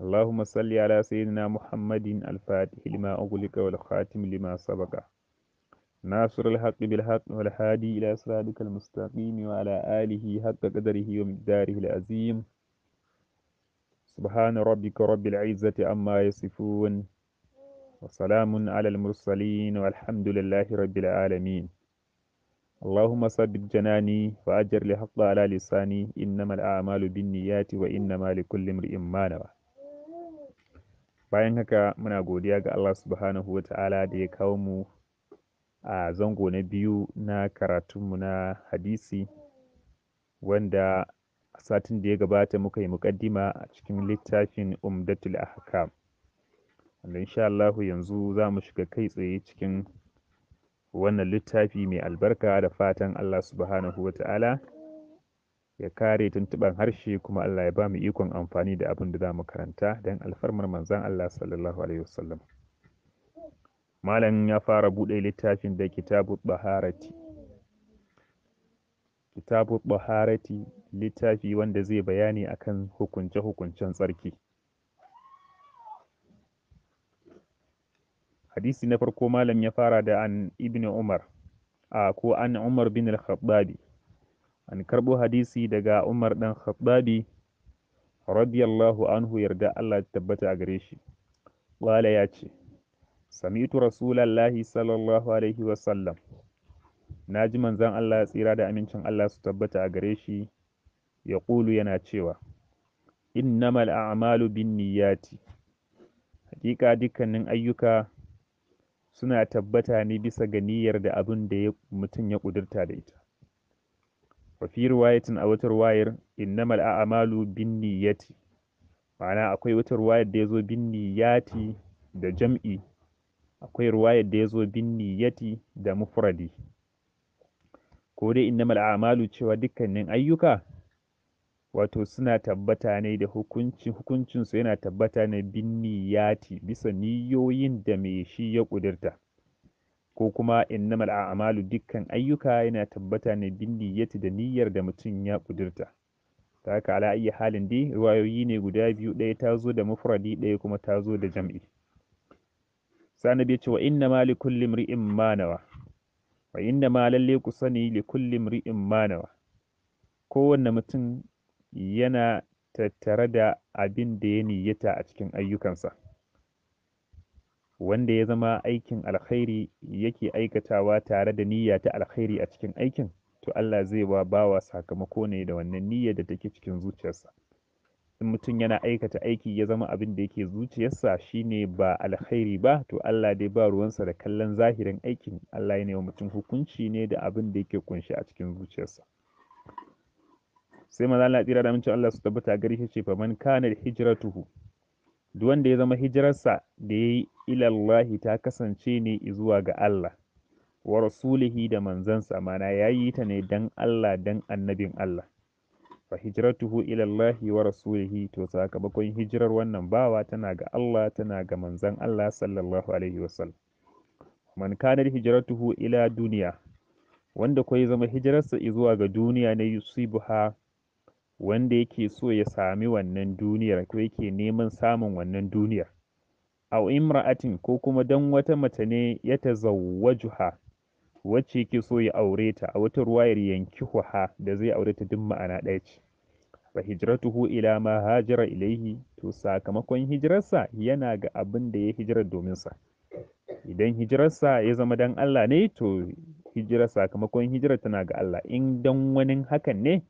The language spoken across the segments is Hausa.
اللهم صل على سيدنا محمد الفاتح لما أغلق والخاتم لما سبق ناصر الحق بالحق والهادي إلى صراطك المستقيم وعلى آله حق قدره ومقداره العظيم سبحان ربك رب العزة أما يصفون وسلام على المرسلين والحمد لله رب العالمين اللهم ثبت جناني وأجر لحق على لساني إنما الأعمال بالنيات وإنما لكل امرئ ما نوى bayan haka muna godiya ga Allah subhanahu wa ta'ala da ya kawo mu a zango na biyu na karatunmu na hadisi wanda a satin da ya gabata muka yi mukaddima a cikin littafin umdatul ahkam wanda insha Allah yanzu za mu shiga kai tsaye cikin wannan littafi mai albarka da fatan Allah subhanahu wa ta'ala ya kare tuntuɓan harshe kuma Allah ya ba mu ikon amfani da abin da za mu karanta don alfarmar manzan Allah sallallahu alaihi wasallam. Malam ya fara buɗe littafin da kitabu Baharati. Kitabu Baharati littafi wanda zai bayani akan hukunce-hukuncen tsarki. Hadisi na farko malam ya fara da an Ibn Umar, a ko an Umar bin al-Khattabi. an karɓo hadisi daga Umar ɗan Khattabi radiyallahu anhu yarda Allah ta tabbata a gare shi wala ya ce sami'tu rasulallahi sallallahu alaihi wa sallam naji manzan Allah tsira da amincin Allah su tabbata a gare shi ya ƙulu yana cewa innamal a'malu binniyati hakika dukkanin ayyuka suna tabbata ne bisa ga niyyar da abin da mutum ya ƙudurta da ita wa fi riwayatin a wata "Inna innamal a'malu bin niyyati ma'ana akwai wata wayar da yazo bin niyyati da jam'i akwai riwayar da yazo bin niyyati da mufradi ko dai innamal a'malu cewa dukkanin ayyuka wato suna tabbata ne da hukunci hukuncin su yana tabbata ne bin niyyati bisa niyoyin da mai shi ya ƙudirta. ko kuma innamal a'malu dukkan ayyuka yana tabbata ne bin niyyati da niyyar da mutum ya kudurta ta haka ala ayyi halin dai riwayoyi ne guda biyu ɗaya ta zo da mufradi ɗaya kuma ta zo da jam'i sani bai ce wa inna ma li kulli imri'in ma wa inna ma lalle ku sani li kulli imri'in ma kowanne mutum yana tattare da abin da ya niyyata a cikin ayyukansa wanda ya zama aikin alkhairi yake aikatawa tare da niyya ta alkhairi a cikin aikin to Allah zai ba bawa sakamako ne da wannan niyyar da take cikin zuciyarsa in mutum yana aikata aiki ya zama abin da yake zuciyarsa shine ba alkhairi ba to Allah dai ba ruwansa da kallon zahirin aikin Allah ya wa mutum hukunci ne da abin da yake kunshi a cikin zuciyarsa sai maza Allah tsira da mutum Allah su tabbata gari shi ce fa man kana hijratuhu duk wanda ya zama hijirarsa da ya yi ilallahi ta kasance ne zuwa ga Allah wa rasulihi da manzansa mana ya yi ta ne dan Allah dan annabin Allah fa hijratuhu ilallahi wa rasulihi to sakamakon hijirar wannan bawa tana ga Allah tana ga manzan Allah sallallahu alaihi wasallam man kana hijratuhu ila duniya wanda ko ya zama hijirarsa zuwa ga duniya ne yusibuha wanda yake so ya sami wannan duniyar ko yake neman samun wannan duniyar a imra'atin ko kuma dan wata mace ne ya tazawwajuha wacce yake so ya aure ta a wata ruwayar yankihuha da zai aure ta duk ma'ana ɗaya ce fa hijratuhu ila ma hajira ilaihi to sakamakon hijirarsa yana ga abin da ya hijira domin sa idan hijirarsa ya zama dan Allah ne to hijira sakamakon hijira tana ga Allah in dan wani hakan ne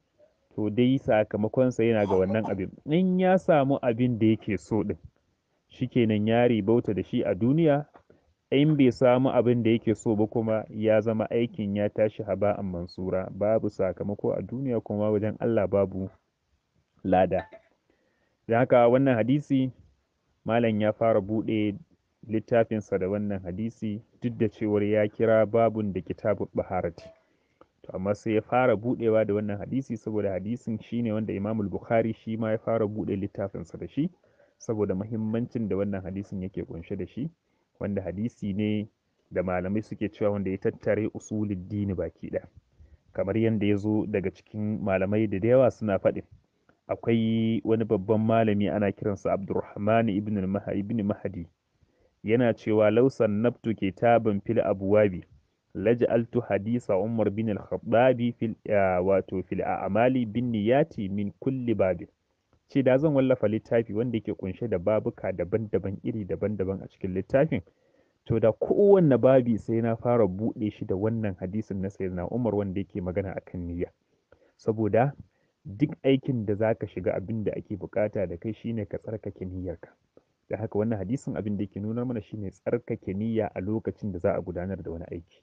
to dai sakamakonsa yana ga wannan abin in ya samu abin da yake so din shikenan yari bauta da shi a duniya in bai samu abin da yake so ba kuma ya zama aikin ya tashi haba haba'an mansura babu sakamako a duniya kuma wajen Allah babu lada da haka wannan hadisi malam ya fara buɗe littafinsa da wannan hadisi duk da cewar ya kira babun da kitabul baharati to amma sai ya fara budewa da wannan hadisi saboda hadisin shine wanda Imam bukhari shi ma ya fara bude littafinsa da shi saboda muhimmancin da wannan hadisin yake kunshe da shi wanda hadisi ne da malamai suke cewa wanda ya tattare usulul dini baki da kamar yadda ya zo daga cikin malamai da yawa suna faɗin akwai wani babban malami ana kiransa Abdurrahman ibn al-Mahdi yana cewa lausan nabtu taban fil abuwabi. laj'altu hadisa Umar bin al-Khattabi fil wato fil a'mali bin niyati min kulli babi ce da zan wallafa littafi wanda yake kunshe da babuka daban-daban iri daban-daban a cikin littafin to da kowanne babi sai na fara buɗe shi da wannan hadisin na sayyidina Umar wanda yake magana akan niyya saboda duk aikin da zaka shiga abin da ake bukata da kai shine ka tsarkake niyyarka da haka wannan hadisin abin da yake nuna mana shine tsarkake niyya a lokacin da za a gudanar da wani aiki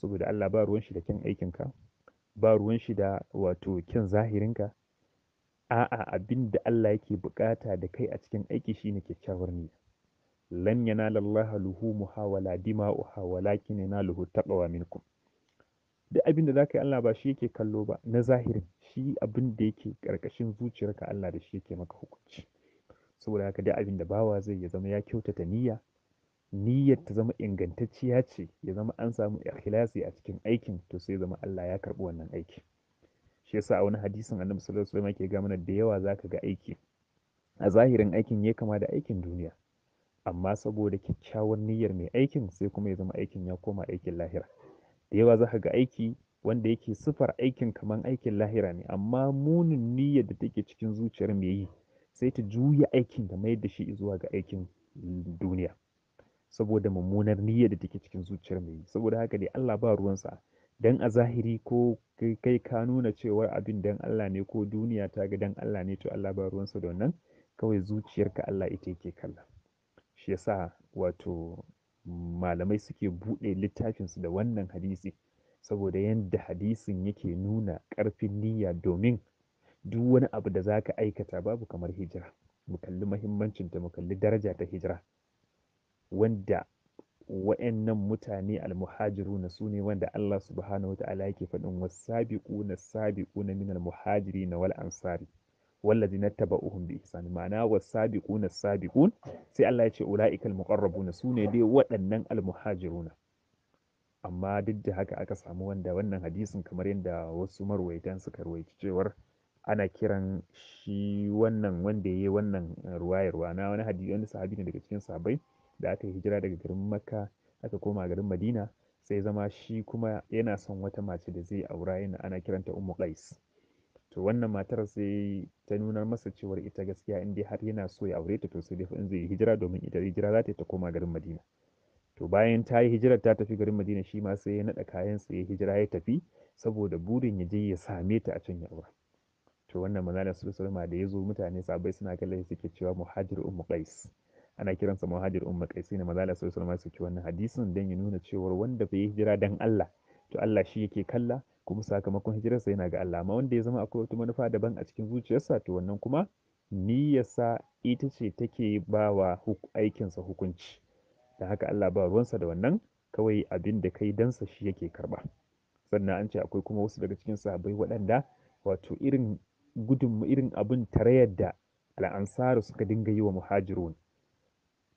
saboda Allah ba ruwan shi da kin aikinka ba ruwan shi da wato kyan zahirinka a'a abin da Allah yake bukata da kai a cikin aiki shine kyakkyawar niyya lan muhawala luhumuha wala dima'uha walakin yanaluhu taqwa minkum duk abin da zaka yi Allah ba shi yake kallo ba na zahirin shi abin da yake karkashin zuciyarka Allah da shi yake maka hukunci saboda haka duk abin da bawa zai ya zama ya kyautata niyya niyyar ta zama ingantacciya ce ya zama an samu ikhlasi a cikin aikin to sai zama Allah ya karɓi wannan aiki shi yasa a wani hadisin annabi sallallahu alaihi wasallam yake ga mana da yawa zaka ga aiki a zahirin aikin ya kama da aikin duniya amma saboda kyakkyawar niyyar mai aikin sai kuma ya zama aikin ya koma aikin lahira da yawa zaka ga aiki wanda yake sifar aikin kaman aikin lahira ne amma munin niyyar da take cikin zuciyar mai yi sai ta juya aikin da mai da shi zuwa ga aikin duniya saboda mummunar niyyar da take cikin zuciyar mai saboda haka dai Allah ba ruwansa dan a zahiri ko kai ka nuna cewar abin dan Allah ne ko duniya ta ga dan Allah ne to Allah ba ruwansa da wannan kawai zuciyarka Allah ita yake kalla shi yasa wato malamai suke buɗe littafinsu da wannan hadisi saboda yadda hadisin yake nuna ƙarfin niyya domin duk wani abu da zaka aikata babu kamar hijira mu kalli mahimmancinta mu kalli daraja ta hijira wanda wa'annan mutane almuhajiruna su ne wanda Allah subhanahu wata'ala yake faɗin wasabiquna sabiquna almuhajiri na wal ansari wallazina tabauhum bi ihsan ma'ana wasabiquna sabiqun sai Allah ya ce ulaiikal na su ne dai waɗannan almuhajiruna amma duk da haka aka samu wanda wannan hadisin kamar yadda wasu marwaitan suka ruwaici cewar ana kiran shi wannan wanda ya yi wannan ruwayarwa na wani hadisi wani sahabi ne daga cikin sahabbai da aka yi hijira daga garin Makka aka koma garin Madina sai zama shi kuma yana son wata mace da zai aura yana ana kiranta Ummu Qais. To wannan matar sai ta nunar masa cewa ita gaskiya in dai har yana so ya aure ta to sai dai in zai hijira domin ita hijira za ta yi ta koma garin Madina. To bayan ta yi hijirar ta tafi garin Madina shi ma sai ya naɗa sa ya hijira ya tafi saboda burin ya je ya same ta a can ya aura. To wannan manzon sallallahu alaihi da ya zo mutane sabai suna kallon suke cewa muhajir ummu qais. ana kiransa muhajir umma qaisi ne manzo sai sallallahu alaihi wasallam wannan hadisin dan ya nuna cewa wanda bai hijira dan Allah to Allah shi yake kalla kuma sakamakon hijirarsa yana ga Allah amma wanda ya zama akwai wata manufa daban a cikin zuciyarsa to wannan kuma niyyarsa ita ce take ba wa aikinsa hukunci da haka Allah ba ruwansa da wannan kawai abin da kai dansa shi yake karba sannan an ce akwai kuma wasu daga cikin sahabbai wadanda? wato irin gudun irin abin tarayyar da al'ansaru suka dinga yi wa muhajirun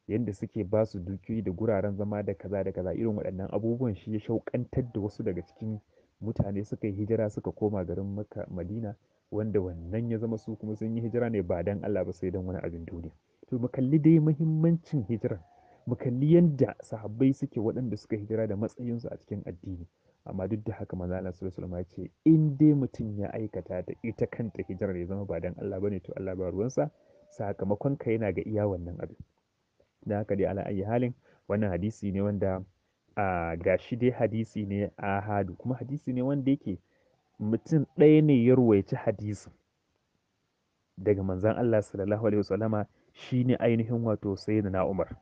yadda suke ba su dukiyoyi da guraren zama da kaza da kaza irin waɗannan abubuwan shi ya shauƙantar da wasu daga cikin mutane suka yi hijira suka koma garin Makka Madina wanda wannan ya zama su kuma sun yi hijira ne ba dan Allah ba sai dan wani abin duniya to mu kalli dai muhimmancin hijira mu kalli yadda sahabbai suke waɗanda suka hijira da matsayinsu a cikin addini amma duk da haka manzo Allah sallallahu alaihi ya ce in dai mutum ya aikata ta ita kanta hijirar ya zama ba dan Allah bane to Allah ba ruwansa sakamakon ka yana ga iya wannan abin da haka dai ala ayi halin wannan hadisi ne wanda a gashi dai hadisi ne a ahadu kuma hadisi ne wanda yake mutum ɗaya ne ya ruwaici hadisi daga manzan Allah sallallahu alaihi wasallama shine ainihin wato sayyidina Umar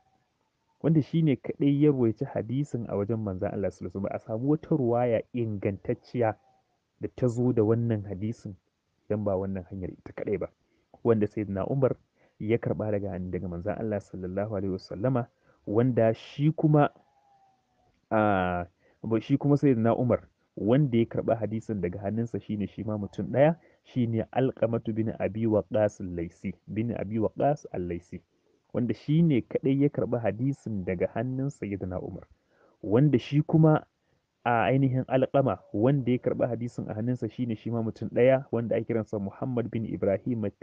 wanda shine kadai ya ruwaici hadisin a wajen manzan Allah sallallahu alaihi wasallama a samu wata ruwaya ingantacciya da ta zo da wannan hadisin dan ba wannan hanyar ita kadai ba wanda sayyidina Umar ya karɓa daga daga manzan Allah sallallahu alaihi wasallama wanda shi kuma a shi kuma na Umar wanda ya karɓa hadisin daga hannunsa shine shi ma mutum ɗaya shine alqamatu bin abi waqas al-laisi bin abi waqas al-laisi wanda ne kadai ya karɓa hadisin daga hannun sayyidina Umar wanda shi kuma a ainihin alƙama wanda ya karɓa hadisin a hannunsa shine shi ma mutum ɗaya wanda ake kiransa Muhammad bin Ibrahim at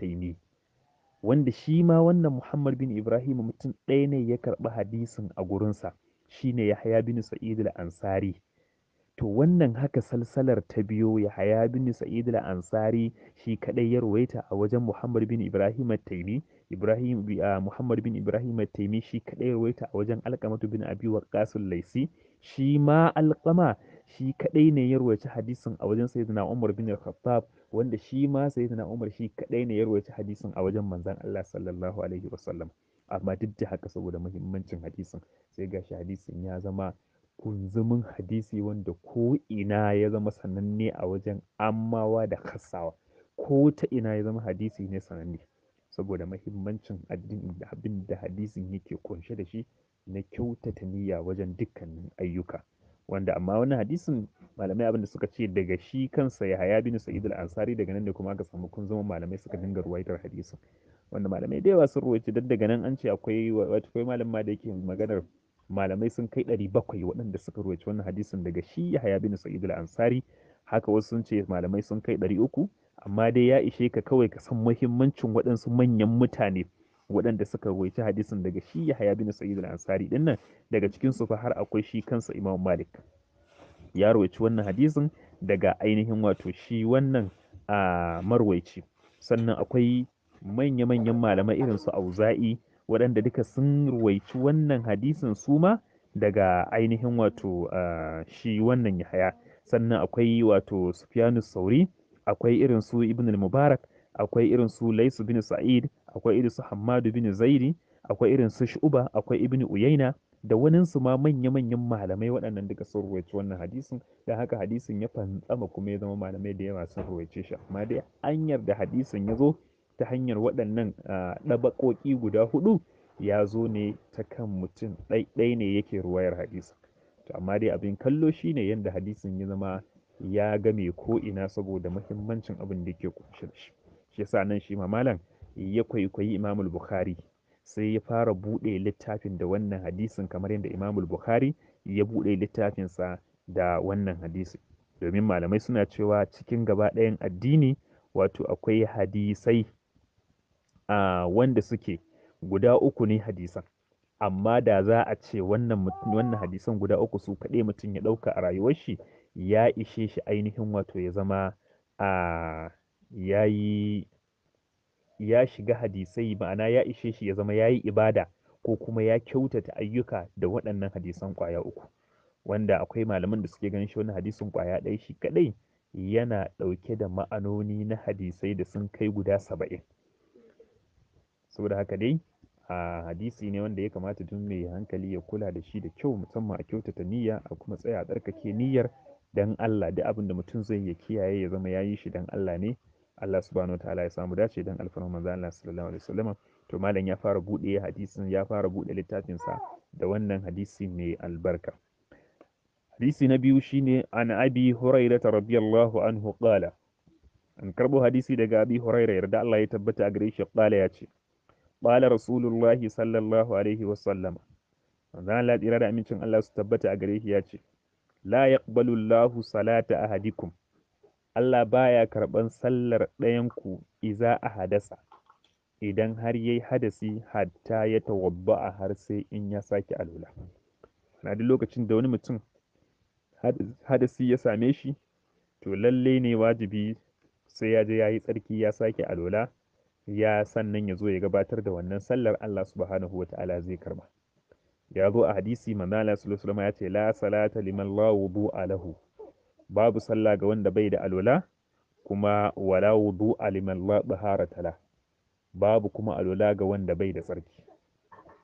wanda shi ma wannan Muhammad bin Ibrahim mutum ɗaya ne ya karɓi hadisin a gurinsa shine Yahya bin Sa'id al-Ansari to wannan haka salsalar ta biyo Yahya bin Sa'id al-Ansari shi kadai ya ruwaita a wajen Muhammad bin Ibrahim at-Taymi Ibrahim ah, Muhammad bin Ibrahim at-Taymi shi kadai ya ruwaita a wajen Alqamatu bin Abi Waqqas al-Laisi shi ma Alqama shi kadai ne ya ruwaita hadisin a wajen Sayyidina Umar bin al wanda shi ma sayyidina Umar shi kadai ne ya rawaita hadisin a wajen manzon Allah sallallahu alaihi wasallam amma duk da haka saboda muhimmancin hadisin sai gashi hadisin ya zama kunzumin hadisi wanda ko ina ya zama sananne a wajen ammawa da kasawa ko ta ina ya zama hadisi ne sananne saboda mahimmancin abin da hadisin yake kunshe da shi na kyautata niyya wajen dukkanin ayyuka wanda amma wannan hadisin malamai abin da suka ce daga shi kansa ya haya bin sa'id al-ansari daga nan ne kuma aka samu kun zama malamai suka dinga ruwaitar hadisin wanda malamai da yawa sun ruwaita dan daga nan an ce akwai wato akwai malam ma da yake maganar malamai sun kai 700 waɗanda suka ruwaita wannan hadisin daga shi ya haya bin sa'id al-ansari haka wasu sun ce malamai sun kai 300 amma dai ya ishe ka kawai ka san muhimmancin waɗansu manyan mutane waɗanda suka rawaici hadisin daga shi haya bin Sa'id al-Ansari dinnan, daga cikin su fa har akwai shi kansa Imam Malik ya rawaici wannan hadisin daga ainihin wato shi wannan a marwaici sannan akwai manya-manyan malamai irin su Auza'i waɗanda duka sun ruwaici wannan hadisin su ma daga ainihin wato shi wannan ya haya. sannan akwai wato sufyanus Sauri akwai irin su Ibn al-Mubarak akwai irin su Laisu bin Sa'id akwai irin su Hammadu bin zairi akwai irin su Shu'ba akwai Ibn Uyaina da wanin su ma manya-manyan malamai waɗannan duka sun ruwaici wannan hadisin da haka hadisin ya fantsama kuma ya zama malamai da yawa sun ruwaice shi amma dai hanyar da hadisin ya zo ta hanyar waɗannan ɗabaƙoƙi guda hudu ya zo ne ta kan mutum ɗaiɗai ne yake ruwayar hadisin to amma dai abin kallo shi ne yadda hadisin ya zama ya game ko ina saboda muhimmancin abin da yake kunshe da shi shi yasa nan shi malam ya kwaikwayi imamul bukhari sai ya fara buɗe littafin da wannan hadisin kamar yadda imamul bukhari ya buɗe littafinsa da wannan hadisi domin malamai suna cewa cikin gaba ɗayan addini wato akwai hadisai a wanda suke guda uku ne hadisan amma da za a ce wannan wannan hadisan guda uku su kaɗai mutum ya ɗauka a rayuwar shi ya ishe shi ainihin wato ya zama a ya ya shiga hadisai ma'ana ya ishe shi ya zama ya yi ibada ko kuma ya kyautata ayyuka da waɗannan hadisan ƙwaya uku wanda akwai malaman da suke ganin shi wani hadisin ƙwaya ɗaya shi kaɗai yana ɗauke da ma'anoni na hadisai da sun kai guda saba'in saboda haka dai a hadisi ne wanda ya kamata duk mai hankali ya kula da shi da kyau musamman a kyautata niyya a kuma tsaya a tsarkake niyyar dan Allah duk abin da mutum zai ya kiyaye ya zama ya yi shi dan Allah ne Allah subhanahu wa ta'ala ya samu dace dan alfarma manzo Allah sallallahu alaihi wasallam to malam ya fara bude hadisin ya fara bude littafin sa da wannan hadisi mai albarka hadisi na biyu shine an abi hurairata radiyallahu anhu qala an karbo hadisi daga abi hurairah yarda Allah ya tabbata a gare shi qala ya ce qala rasulullahi sallallahu alaihi wasallam manzo Allah tsira da amincin Allah su tabbata a gare shi ya ce la yaqbalu Allahu salata ahadikum Allah baya karɓan sallar ɗayanku iza a hadasa, idan har ya yi hadasi hatta ya tawabba'a har sai in ya sake alula. Na duk lokacin da wani mutum hadasi ya same shi, to lalle ne wajibi sai ya je ya yi tsarki ya sake alula, ya sannan ya zo ya gabatar da wannan sallar Allah subhanahu wa ta'ala zai karba. Ya zo a hadisi manzala sallallahu alaihi ya ce la salata liman la wudu'a lahu. babu sallah ga wanda bai da alwala kuma wala wudu aliman la tala. babu kuma alwala ga wanda bai da tsarki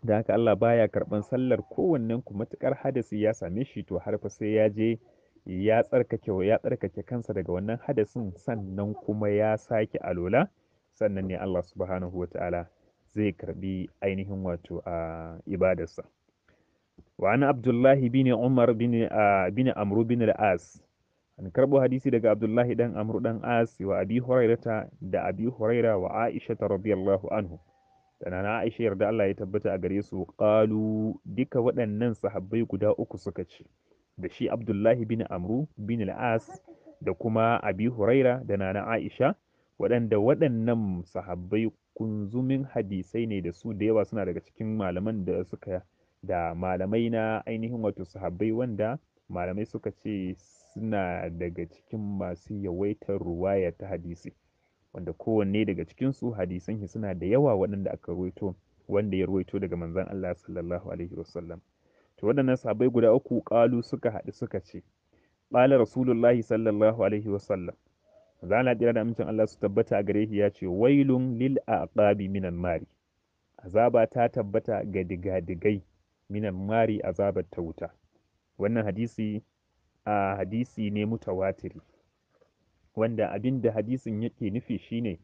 da haka Allah baya karban sallar kowannen ku matukar hadasi ya same shi to har fa sai ya je ya tsarkake ya tsarkake kansa daga wannan hadasin sannan kuma ya sake alola sannan ne Allah subhanahu wataala zai karbi ainihin wato a ibadarsa wa ana abdullahi bin umar bin bin amru bin al-as an karbo hadisi daga abdullahi dan amru dan as wa abi hurairata da abi huraira wa aisha ta radiyallahu anhu da nana aisha yarda Allah ya tabbata a gare su qalu duka waɗannan sahabbai guda uku suka ce da shi abdullahi bin amru bin al da kuma abi huraira da nana aisha waɗanda waɗannan sahabbai kunzumin hadisai ne da su da yawa suna daga cikin malaman da suka da malamai na ainihin wato sahabbai wanda malamai suka ce suna daga cikin masu yawaitar ruwaya ta hadisi wanda kowanne daga cikin cikinsu shi suna da yawa waɗanda aka ruwaito wanda ya ruwaito daga manzan Allah sallallahu alaihi wasallam to waɗannan sahabbai guda uku ƙalu suka haɗu suka ce qala rasulullahi sallallahu alaihi wasallam manzon Allah da amincin Allah su tabbata a gare shi ya ce wailun lil aqabi minan mari azaba ta tabbata ga digadigai minan mari azabar ta wuta wannan hadisi a hadisi ne mutawatiri wanda abin da hadisin yake nufi shine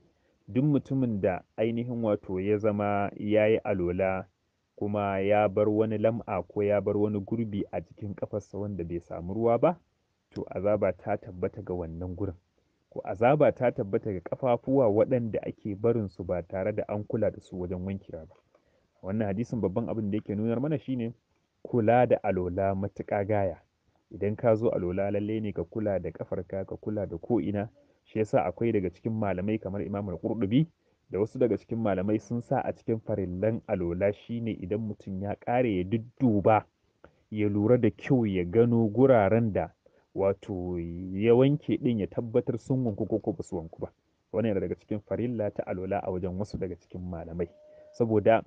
duk mutumin da ainihin wato ya zama ya yi alola kuma ya bar wani lam'a ko ya bar wani gurbi a jikin kafarsa wanda bai samu ruwa ba to azaba ta tabbata ga wannan gurin ko azaba ta tabbata ga kafafuwa waɗanda ake barin su ba tare da an kula da su wajen wankira ba wannan hadisin babban abin da yake nunar mana shine kula da alola matuƙa gaya idan ka zo alwala lalle ne ka kula da ƙafarka ka kula da ko'ina shi yasa akwai daga cikin malamai kamar imamul qurdubi da wasu daga cikin malamai sun sa a cikin farillan alola shine idan mutum ya ƙare ya dudduba ya lura da kyau ya gano guraren da wato ya wanke din ya tabbatar sun wanku ko ko basu wanku ba wani yana daga cikin farilla ta alola a wajen wasu daga cikin malamai saboda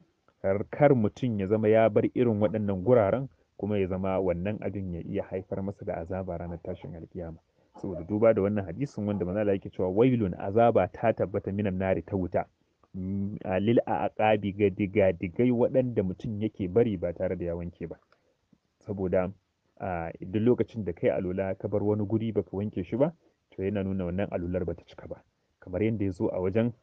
kar mutum ya zama ya bar irin waɗannan guraren kuma ya zama wannan abin ya iya haifar masa da azaba ranar tashin alkiyama saboda duba da wannan hadisin wanda manzo Allah yake cewa wailun azaba ta tabbata minan nari ta wuta mm, lil aqabi ga diga digai waɗanda mutum yake bari ba tare da ya wanke ba saboda duk lokacin da kai alula ka bar wani guri baka wanke shi ba to yana nuna wannan alular bata cika ba kamar yadda ya zo a wajen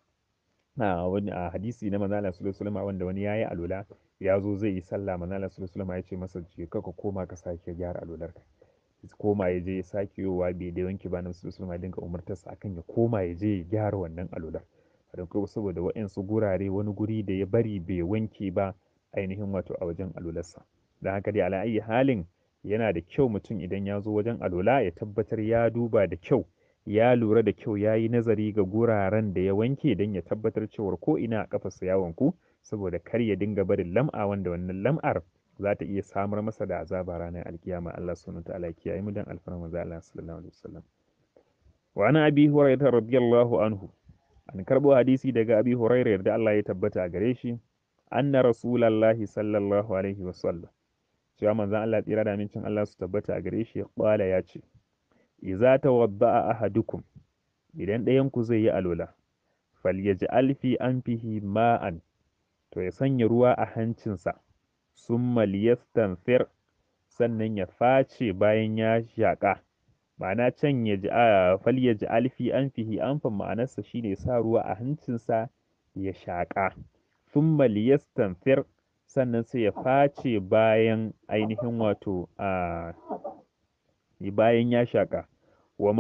a hadisi na manzo Allah sallallahu alaihi wanda wani yayi alula ya zo zai yi sallah manala sallallahu ya ce masa je ka ka koma ka sake gyara alular ka koma ya je ya sake yowa bai da wanke ba nan sallallahu ya dinga sa, akan ya koma ya je ya gyara wannan alular don kai saboda waɗansu gurare wani guri da ya bari bai wanke ba ainihin wato a wajen alularsa don haka dai ayi halin yana da kyau mutum idan ya zo wajen alula ya tabbatar ya duba da kyau ya lura da kyau ya yi nazari ga guraren da ya wanke don ya tabbatar cewar ko ina a kafarsa ya wanku saboda kar ya dinga barin lam'a wanda wannan lam'ar za ta iya samar masa da azaba ranar alkiyama Allah subhanahu wataala ya yi mudan dan alfarma Allah sallallahu alaihi wa ana abi hurairah radiyallahu anhu an karbo hadisi daga abi hurairah da Allah ya tabbata gare shi anna rasulullahi sallallahu alaihi wasallam cewa manzon Allah tsira da amincin Allah su tabbata a gare shi kwala ya ce iza tawadda'a ahadukum idan ɗayan ku zai yi alola falyaj'al fi anfihi ma'an to ya sanya ruwa a hancinsa maliyastan liyastanfir sannan ya face bayan ya shaƙa ma'ana can ya ji falya ji alfi an fihi an ma'anarsa shi ne sa ruwa a hancinsa ya shaƙa maliyastan liyastanfir sannan sai ya face bayan ainihin wato a bayan ya shaƙa wa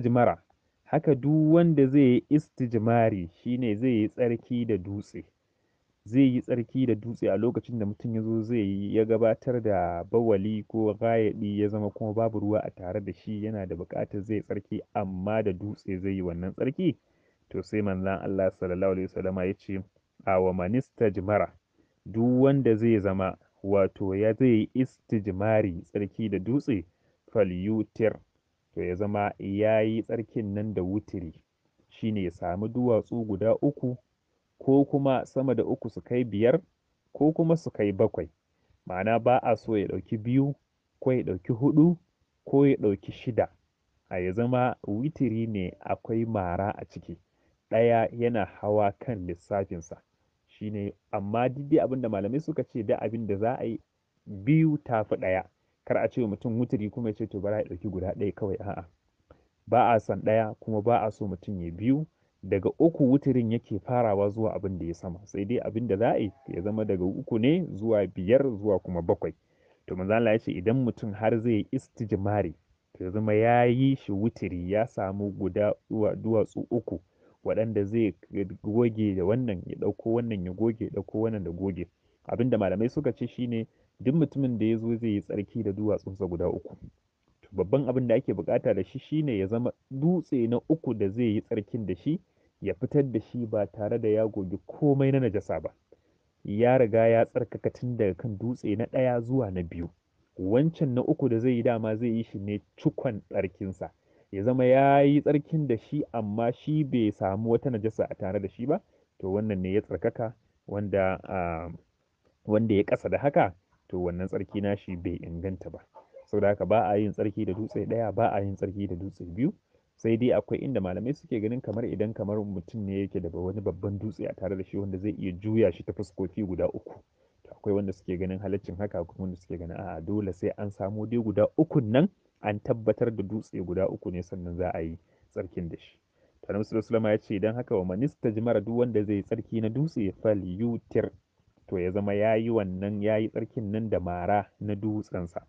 jimara haka duk wanda zai yi shi ne zai yi tsarki da dutse zai yi tsarki da dutse a lokacin da mutum ya zo zai yi ya gabatar da bawali ko gayadi ya zama kuma babu ruwa a tare da shi yana da buƙatar zai tsarki amma da dutse zai yi wannan tsarki to sai manzan Allah sallallahu alaihi wasallama ya ce a wa manistajmara duk wanda zai zama wato ya zai yi istijmari tsarki da dutse falyutir to ya zama ya yi tsarkin nan da wutiri shine ya samu duwatsu guda uku ko kuma sama da uku su kai biyar ko kuma su kai bakwai ma'ana ba a so ya ɗauki biyu ko ya ɗauki hudu ko ya ɗauki shida a ya zama witiri ne akwai mara a ciki ɗaya yana hawa kan lissafinsa shine amma dai abin da malamai suka ce da abin da za a yi biyu tafi ɗaya kar a ce mutum witiri kuma ya ce to bara ya ɗauki guda ɗaya kawai a'a ba a san ɗaya kuma ba a so mutum ya biyu daga uku wutirin yake farawa zuwa abin da ya sama sai dai abin da za a yi ya zama daga uku ne zuwa biyar zuwa kuma bakwai to manzo Allah ya ce idan mutum har zai yi istijmari to ya zama ya yi shi wuturi ya samu guda duwatsu uku waɗanda zai goge da wannan ya ɗauko wannan ya goge ɗauko wannan da goge abinda malamai suka ce shine duk mutumin da ya zo zai yi tsarki da duwatsunsa guda uku babban abin da ake bukata da shi shine ya zama dutse na uku da zai yi tsarkin da shi ya fitar da shi ba tare da ya gogi komai na najasa ba ya riga ya tsarkaka tun daga kan dutse na ɗaya zuwa na biyu wancan na uku da zai yi dama zai yi shi ne cikon tsarkinsa ya zama ya yi tsarkin da shi amma shi bai samu wata najasa a tare da shi ba to wannan ne ya tsarkaka wanda ah, wanda ya ƙasa da haka to wannan tsarki na shi bai inganta ba saboda haka ba a yin tsarki da dutse ɗaya ba a yin tsarki da dutse biyu sai dai akwai inda malamai suke ganin kamar idan kamar mutum ne yake da wani babban dutse a tare da shi wanda zai iya juya shi ta fuskoki guda uku akwai wanda suke ganin halaccin haka akwai wanda suke ganin a'a dole sai an samo dai guda uku nan an tabbatar da dutse guda uku ne sannan za a yi tsarkin da shi tare sulama ya ce idan haka wa manista jimara duk wanda zai tsarki na dutse fal yutir to ya zama ya yi wannan ya yi tsarkin nan da mara na dutsensa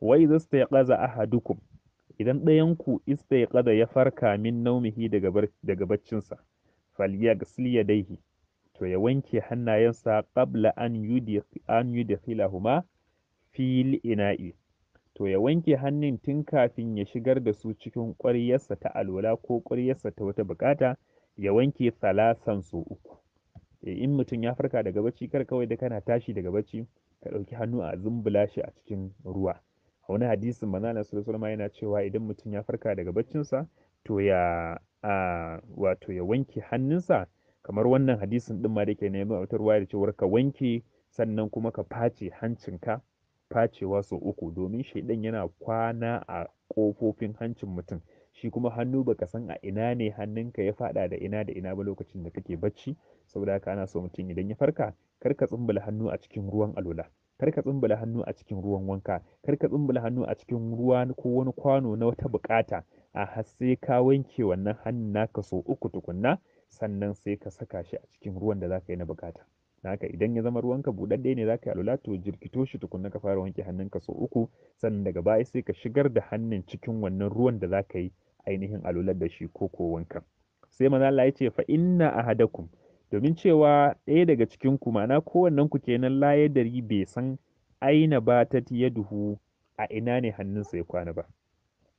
Wai wa idza istayqaza ahadukum idan ɗayanku ista ya istayqaza ya farka min naumihi daga daga baccinsa falyaghsil yadayhi to ya wanke hannayensa qabla an yudkhilahuma fil ina'i to ya wanke hannun tun kafin ya shigar da su cikin ƙwaryarsa ta alwala ko ƙwaryarsa ta wata bukata ya wanke salasan su uku e, in mutum ya farka daga bacci kar kawai da kana tashi daga bacci ka ɗauki hannu a zumbula shi a cikin ruwa a wani hadisin manzo Allah yana cewa idan mutum ya farka daga baccinsa to ya wato ya wanke hannunsa kamar wannan hadisin din ma da ke neman autar da cewar ka wanke sannan kuma ka face hancinka facewa sau uku domin shaidan yana kwana a kofofin hancin mutum shi kuma hannu ba ka san a ina ne hannunka ya fada da ina da ina ba lokacin da kake bacci saboda haka ana so mutum idan ya farka kar ka tsumbula hannu a cikin ruwan alola kar ka tsumbula hannu a cikin ruwan wanka kar ka tsumbula hannu a cikin ruwa ko wani kwano na wata bukata a har sai ka wanke wannan hannun naka so uku tukunna sannan sai ka saka shi a cikin ruwan da zaka yi na bukata haka idan ya zama ruwanka buɗaɗɗe ne zaka yi alula to jirkito shi tukunna ka fara wanke hannun ka so uku sannan daga baya sai ka shigar da hannun cikin wannan ruwan da zaka yi ainihin alular da shi ko ko wanka. sai manzo Allah ya ce fa inna ahadakum domin cewa ɗaya daga cikin na ma'ana ku kenan la yadari bai san aina ba ta duhu a ina ne hannunsa ya kwana ba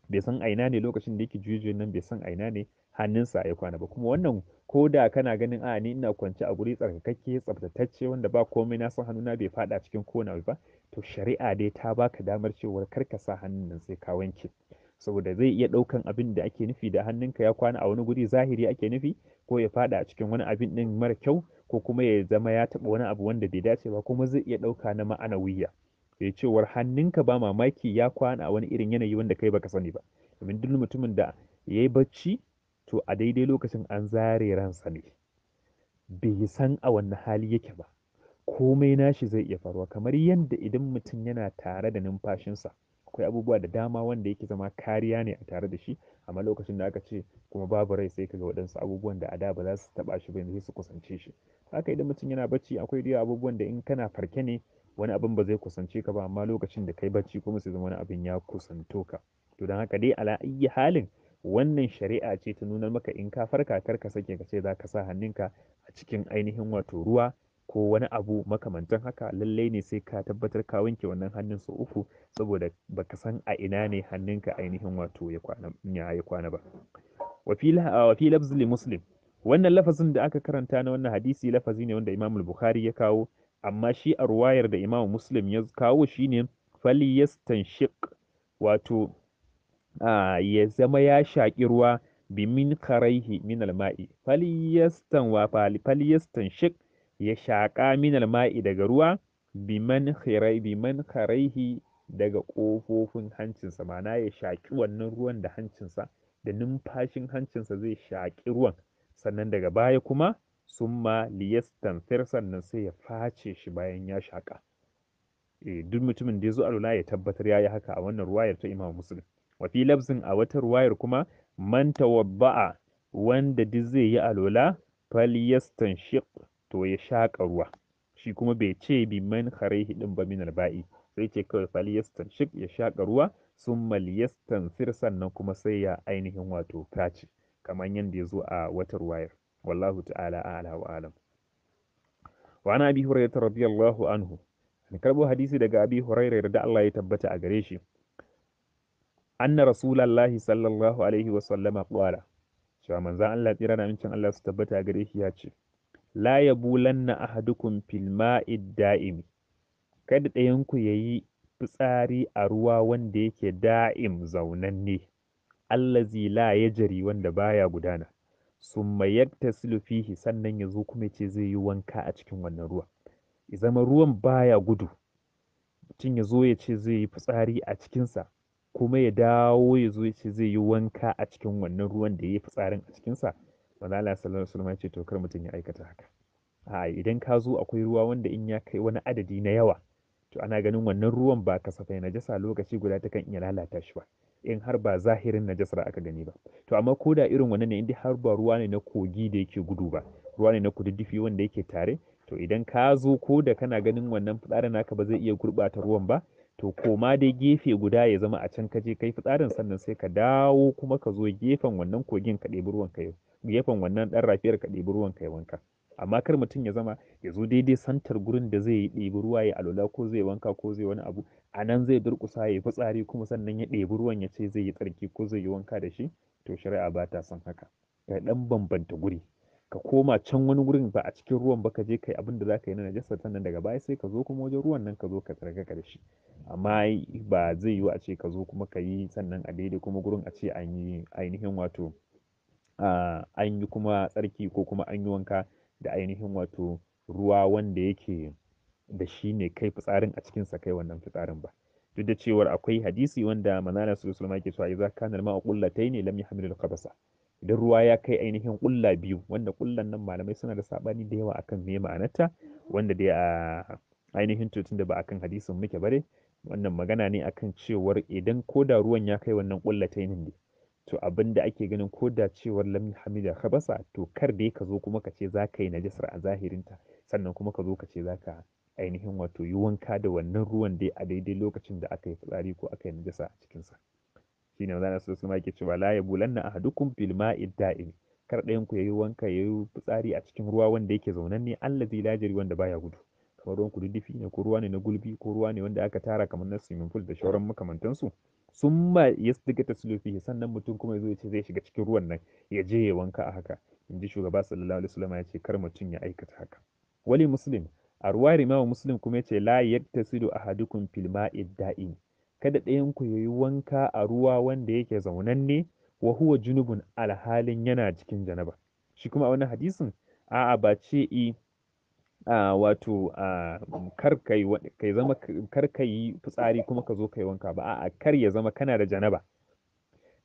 bai san aina ne lokacin da yake juyi nan bai san aina ne hannunsa ya kwana ba kuma wannan ko da kana ganin a ni ina kwance a guri tsarkakakke tsaftatacce wanda ba komai na san hannuna bai fada cikin kowane ba to shari'a dai ta baka damar cewa kar ka sa hannun nan sai ka wanke saboda zai iya ɗaukan abin da ake nufi da hannunka ya kwana a wani guri zahiri ake nufi ko ya fada a cikin wani abin din mara kyau ko kuma ya zama ya taɓa wani abu wanda bai dace ba kuma zai iya ɗauka na ma'ana wuya sai eh, cewar hannunka ba mamaki ya kwana a wani irin yanayi wanda kai baka sani ba domin duk mutumin da ya yi bacci to a daidai lokacin an zare ransa ne bai san a wanne hali yake ba komai nashi zai iya faruwa kamar yadda idan mutum yana tare da numfashinsa akwai abubuwa da dama wanda yake zama kariya ne a tare da shi amma lokacin da aka ce kuma babu rai sai kaga waɗansu abubuwan da a da ba za su taɓa shi ba yanzu su kusance shi haka idan mutum yana bacci akwai dai abubuwan da in kana farke ne wani abin ba zai kusance ka ba amma lokacin da kai bacci kuma sai zama wani abin ya kusanto ka to don haka dai ala ayyi halin wannan shari'a ce ta nuna maka in ka farka kar ka sake ka ce za ka sa hannunka a cikin ainihin wato ruwa ko wani abu makamantan haka lallai ne sai ka tabbatar ka wanke wannan hannun sau uku saboda baka san a ina ne hannunka ainihin wato ya kwana ya kwana ba wa fi li muslim wannan lafazin da aka karanta na wannan hadisi lafazi ne wanda Imam Bukhari ya kawo amma shi a ruwayar da Imam Muslim ya kawo shine fali yastanshiq wato ya zama ya shaƙi ruwa bimin karaihi min fali yastan wa fali yastanshiq ya shaƙa minal ma'i daga ruwa biman khirai biman kharaihi daga ƙofofin hancinsa ma'ana ya shaƙi wannan ruwan da hancinsa da numfashin hancinsa zai shaƙi ruwan sannan daga baya kuma summa liyastanfir sannan sai ya face shi bayan ya shaƙa eh, duk mutumin da ya zo a ya tabbatar ya yi haka a wannan ruwayar ta imam musulun wa fi a wata ruwayar kuma man tawabba'a wanda duk zai yi faliyastan falyastanshiq to ya shaƙa ruwa shi kuma bai ce bi man kharaihi din ba min alba'i, sai ce kawai yastan shik ya shaƙa ruwa sun maliyastan fir sannan kuma sai ya ainihin wato kaci kamar yadda ya zo a wata ruwayar wallahu ta'ala a'la wa alam wa ana abi hurairah radiyallahu anhu an karbo hadisi daga abi hurairah da Allah ya tabbata a gare shi anna rasulallahi sallallahu alaihi wa sallama qala cewa manzon Allah tsira na amincin Allah su tabbata a gare shi ya ce la na ahadukum fil ma'id da'imi kada ɗayan ku yayi fitsari a ruwa wanda yake da'im zaunanne allazi la yajri wanda baya gudana summa yaktasilu fihi sannan yazo kuma yace zai yi wanka a cikin wannan ruwa ya zama ruwan baya gudu mutum ya zo ya ce zai yi fitsari a cikinsa kuma ya dawo ya zo ya ce zai yi wanka a cikin wannan ruwan da ya yi fitsarin a cikinsa manzo Allah sallallahu alaihi ya ce to kar mutum ya aikata haka a idan ka zo akwai ruwa wanda in ya kai wani adadi na yawa to ana ganin wannan ruwan ba kasafai najasa lokaci guda ta takan iya lalata shi ba in har ba zahirin najasar aka gani ba to amma ko da irin wannan ne inda har ba ruwa ne na kogi da yake gudu ba ruwa ne na kududdufi wanda yake tare to idan ka zo ko da kana ganin wannan fitsarin naka ba zai iya gurɓata ruwan ba to koma dai gefe guda ya zama a can ka kaje kai fitsarin sannan sai ka dawo kuma ka zo gefen wannan kogin ka ɗebi ruwan ka gefen wannan ɗan rafiyar ka ɗebi ruwan ka wanka amma kar mutum ya zama ya zo daidai santar gurin da zai yi ɗebi ruwa ya alola ko zai wanka ko zai wani abu a nan zai durƙusa ya fitsari kuma sannan ya ɗebi ruwan ya ce zai yi tsarki ko zai yi wanka da shi to shari'a ba ta son haka ka ɗan bambanta guri ka koma can wani wurin ba a cikin ruwan ba ka je kai abin da za ka yi na najasa sannan daga baya sai ka zo kuma wajen ruwan nan ka zo ka ka da shi amma ba zai yiwu a ce ka zo kuma ka yi sannan a daidai kuma gurin a ce an yi ainihin wato an yi kuma tsarki ko kuma an yi wanka da ainihin wato ruwa wanda yake da shi ne kai fitsarin a cikinsa kai wannan fitsarin ba duk da cewar akwai hadisi wanda manana su wasallam ke cewa idza kana al-ma'u qullatayn lam yahmilu al qabasa idan ruwa ya kai ainihin ƙulla biyu wanda ƙullan nan malamai suna da saɓani da yawa akan me ma'anarta wanda dai a ainihin tutun da ba akan hadisin muke bare wannan magana ne akan cewar idan koda ruwan ya kai wannan ta ne to abin da ake ganin ko da cewar lam hamida basa to kar dai ka zo kuma ka ce za ka yi najasar a zahirinta sannan kuma ka zo ka ce za ka ainihin wato yi wanka da wannan ruwan dai a daidai lokacin da aka yi fitsari ko aka yi najasa a cikinsa. shine manzo Allah sallallahu alaihi cewa la yabulanna ahadukum fil ma'i da'im kar ɗayan ku yayi wanka ya yi fitsari a cikin ruwa wanda yake zaunan ne Allah la lajiri wanda baya gudu kamar ruwan kududdufi ne ko ruwa ne na gulbi ko ruwa ne wanda aka tara kamar na swimming pool da shauran makamantansu summa yasdiga taslu fihi sannan mutum kuma yazo yace zai shiga cikin ruwan nan ya je ya wanka a haka inji shugaba sallallahu alaihi wasallam yace kar mutum ya aikata haka wali muslim a ruwa rimawa muslim kuma yace la yaktasilu ahadukum fil ma'i da'im kada ɗayan ku yayi wanka a ruwa wanda yake ne wa huwa junubun alhalin yana cikin janaba shi kuma a wannan hadisin a'a ba ce i a wato a kar kai zama kar kai fitsari kuma ka zo kai wanka ba a kar ya zama kana da janaba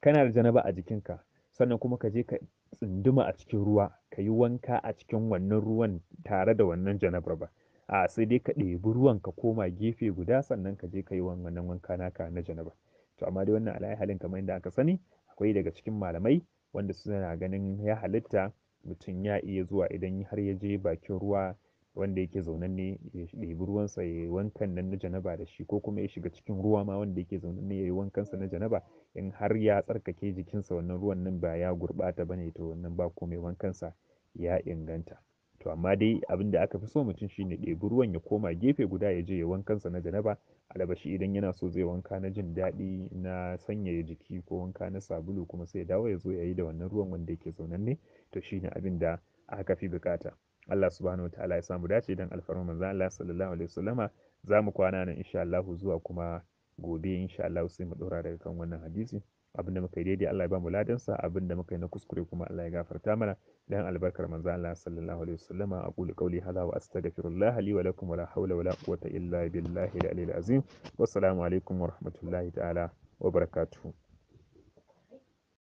kana da janaba a jikinka sannan kuma ka je ka tsunduma a cikin ruwa ka yi wanka a cikin wannan ruwan tare da wannan janabar ba a sai dai ka ɗebi ruwan ka koma gefe guda sannan ka je ka yi wannan wanka naka na janaba to amma dai wannan alayi halin kamar yadda aka sani akwai daga cikin malamai wanda suna ganin ya halitta mutum ya iya zuwa idan har ya je bakin ruwa wanda yake zaunan ne ya ɗebi ruwansa ya yi wankan nan na janaba da shi ko kuma ya shiga cikin ruwa ma wanda yake zaunan ne ya yi wankansa na janaba in har ya tsarkake jikinsa wannan ruwan nan ba ya gurɓata bane to wannan ba komai wankansa ya inganta to amma dai abin da aka fi so mutum shine ɗebi ruwan ya koma gefe guda ya je ya wankansa na janaba alabashi idan yana so zai wanka na jin daɗi na sanyaya jiki ko wanka na sabulu kuma sai ya dawo ya zo ya yi da wannan ruwan wanda yake zaunanne to shine abin da aka fi bukata Allah subhanahu wa ta'ala ya samu dace dan alfarma manzo Allah sallallahu alaihi wasallama za mu kwana nan insha Allah zuwa kuma gobe insha Allah sai mu dora daga kan wannan hadisi abin da muka yi daidai Allah ya bamu ladansa abin da muka yi na kuskure kuma Allah ya gafarta mana dan albarkar manzo Allah sallallahu alaihi wasallama aqulu qawli hadha wa astaghfirullah li wa lakum wa la hawla wa la quwwata illa billahi al-aliyyil azim wassalamu alaikum wa rahmatullahi ta'ala wa barakatuh